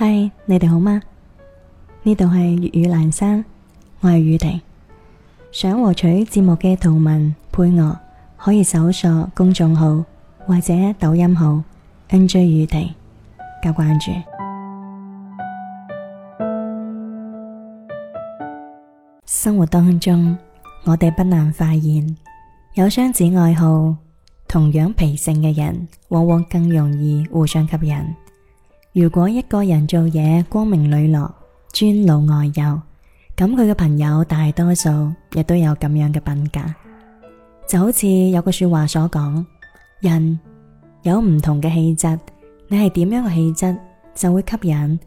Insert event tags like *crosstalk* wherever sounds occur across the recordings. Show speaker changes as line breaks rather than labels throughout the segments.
嗨，Hi, 你哋好嗎？呢度係粵語蘭山，我係宇婷。想獲取節目嘅圖文配樂，可以搜索公眾號或者抖音號 NJ 宇婷加關注。生活當中，我哋不難發現，有相似愛好、同樣脾性嘅人，往往更容易互相吸引。如果一個人做嘢光明磊落、尊老愛幼，咁佢嘅朋友大多數亦都有咁樣嘅品格。就好似有句說話所講，人有唔同嘅氣質，你係點樣嘅氣質，就會吸引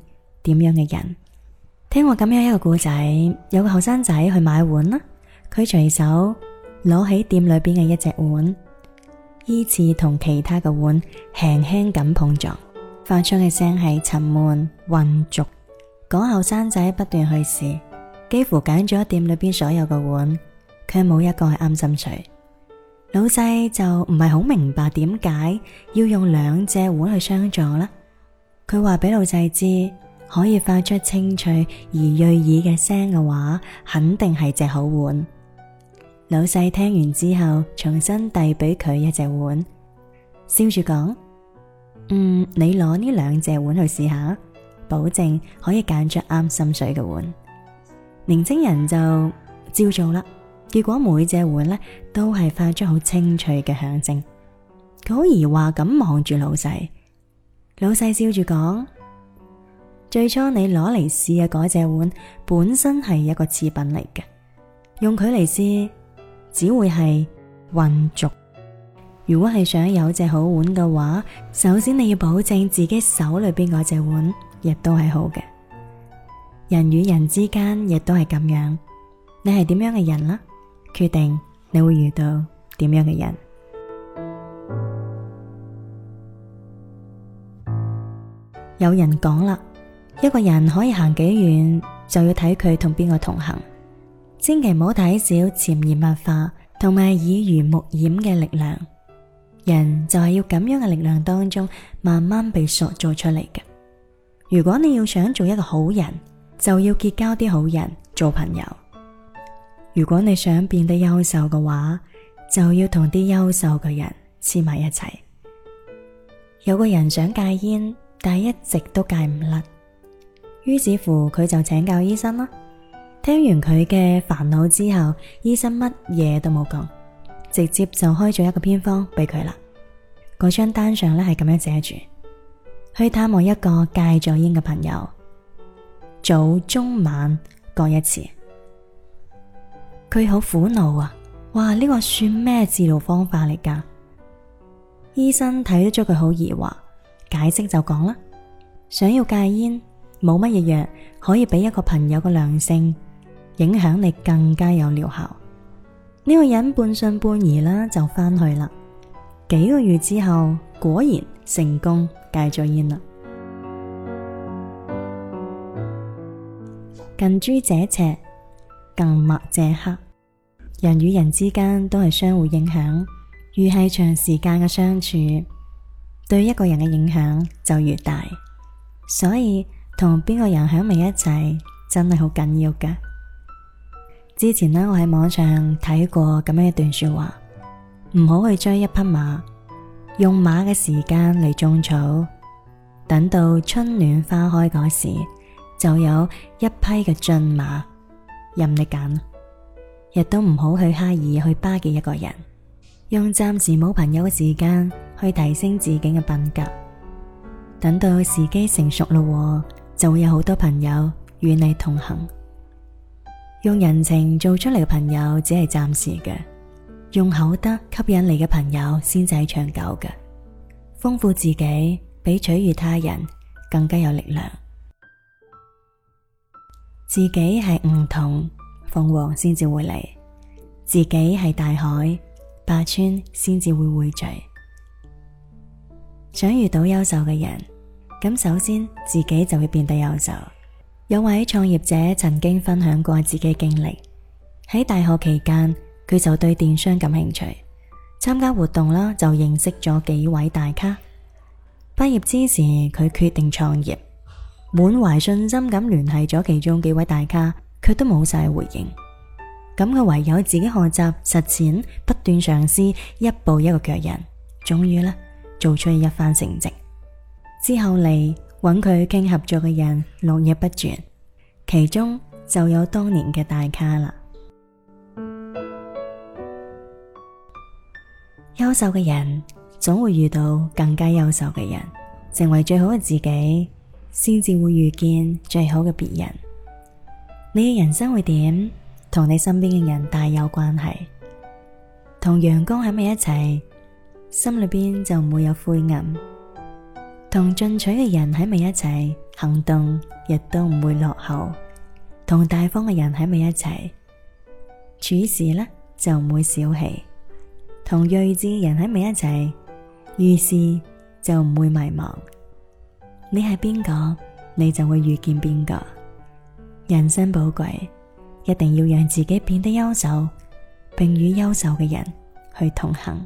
點樣嘅人。聽我咁樣一個故仔，有個後生仔去買碗啦，佢隨手攞起店裏邊嘅一隻碗，依次同其他嘅碗輕輕咁碰撞。發出嘅聲係沉悶渾濁，講後生仔不斷去試，幾乎揀咗店裏邊所有嘅碗，卻冇一個係啱心水。老細就唔係好明白點解要用兩隻碗去相撞啦。佢話俾老細知，可以發出清脆而悅耳嘅聲嘅話，肯定係隻好碗。老細聽完之後，重新遞俾佢一隻碗，笑住講。嗯，你攞呢兩隻碗去試下，保證可以揀出啱心水嘅碗。年青人就照做啦。結果每隻碗呢都係發出好清脆嘅響聲。佢好疑惑咁望住老細，老細笑住講：最初你攞嚟試嘅嗰隻碗本身係一個次品嚟嘅，用佢嚟試只會係混濁。如果係想有隻好碗嘅話，首先你要保證自己手裏邊嗰隻碗亦都係好嘅。人與人之間亦都係咁樣，你係點樣嘅人啦，決定你會遇到點樣嘅人。 *music* 有人講啦，一個人可以行幾遠，就要睇佢同邊個同行，千祈唔好睇少潛移默化同埋耳，耳濡目染嘅力量。人就係要咁樣嘅力量當中，慢慢被塑造出嚟嘅。如果你要想做一個好人，就要結交啲好人做朋友；如果你想變得優秀嘅話，就要同啲優秀嘅人黐埋一齊。有個人想戒煙，但係一直都戒唔甩，於是乎佢就請教醫生啦。聽完佢嘅煩惱之後，醫生乜嘢都冇講。直接就開咗一個偏方俾佢啦，嗰張單上咧係咁樣寫住：去探望一個戒咗煙嘅朋友，早中晚各一次。佢好苦惱啊！哇，呢、這個算咩治療方法嚟噶？醫生睇得咗佢好疑惑，解釋就講啦：想要戒煙，冇乜嘢藥，可以比一個朋友嘅良性影響力，更加有療效。呢個人半信半疑啦，就翻去啦。幾個月之後，果然成功戒咗煙啦。近朱者赤，近墨者黑。人與人之間都係相互影響，越係長時間嘅相處，對一個人嘅影響就越大。所以同邊個人喺埋一齊，真係好緊要噶。之前呢，我喺網上睇過咁樣一段說話，唔好去追一匹馬，用馬嘅時間嚟種草，等到春暖花開嗰時，就有一批嘅駿馬任你揀。亦都唔好去刻意去巴結一個人，用暫時冇朋友嘅時間去提升自己嘅品格，等到時機成熟咯，就會有好多朋友與你同行。用人情做出嚟嘅朋友只係暫時嘅，用口德吸引嚟嘅朋友先至係長久嘅。豐富自己比取悅他人更加有力量。自己係梧桐，鳳凰先至會嚟；自己係大海，百川先至會匯聚。想遇到優秀嘅人，咁首先自己就會變得優秀。有位創業者曾經分享過自己經歷，喺大學期間佢就對電商感興趣，參加活動啦就認識咗幾位大咖。畢業之時，佢決定創業，滿懷信心咁聯繫咗其中幾位大咖，佢都冇晒回應。咁佢唯有自己學習實踐，不斷嘗試，一步一個腳印，終於呢，做出一番成績。之後嚟。搵佢傾合作嘅人絡繹不絕，其中就有當年嘅大咖啦。優秀嘅人總會遇到更加優秀嘅人，成為最好嘅自己，先至會遇見最好嘅別人。你嘅人生會點，同你身邊嘅人大有關係。同陽光喺埋一齊，心裏邊就唔會有灰暗。同進取嘅人喺埋一齊，行動亦都唔會落後；同大方嘅人喺埋一齊，處事呢就唔會小氣；同睿智嘅人喺埋一齊，遇事就唔會迷茫。你係邊個，你就會遇見邊個。人生寶貴，一定要讓自己變得優秀，並與優秀嘅人去同行。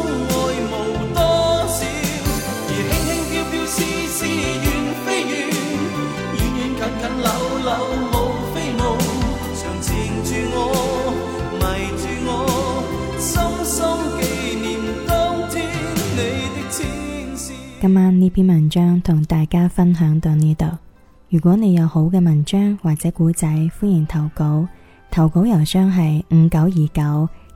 而遠遠近近，常纏住我，迷住我，深深記念。當天你
的今晚呢篇文章同大家分享到呢度。如果你有好嘅文章或者古仔，歡迎投稿。投稿郵箱係五九二九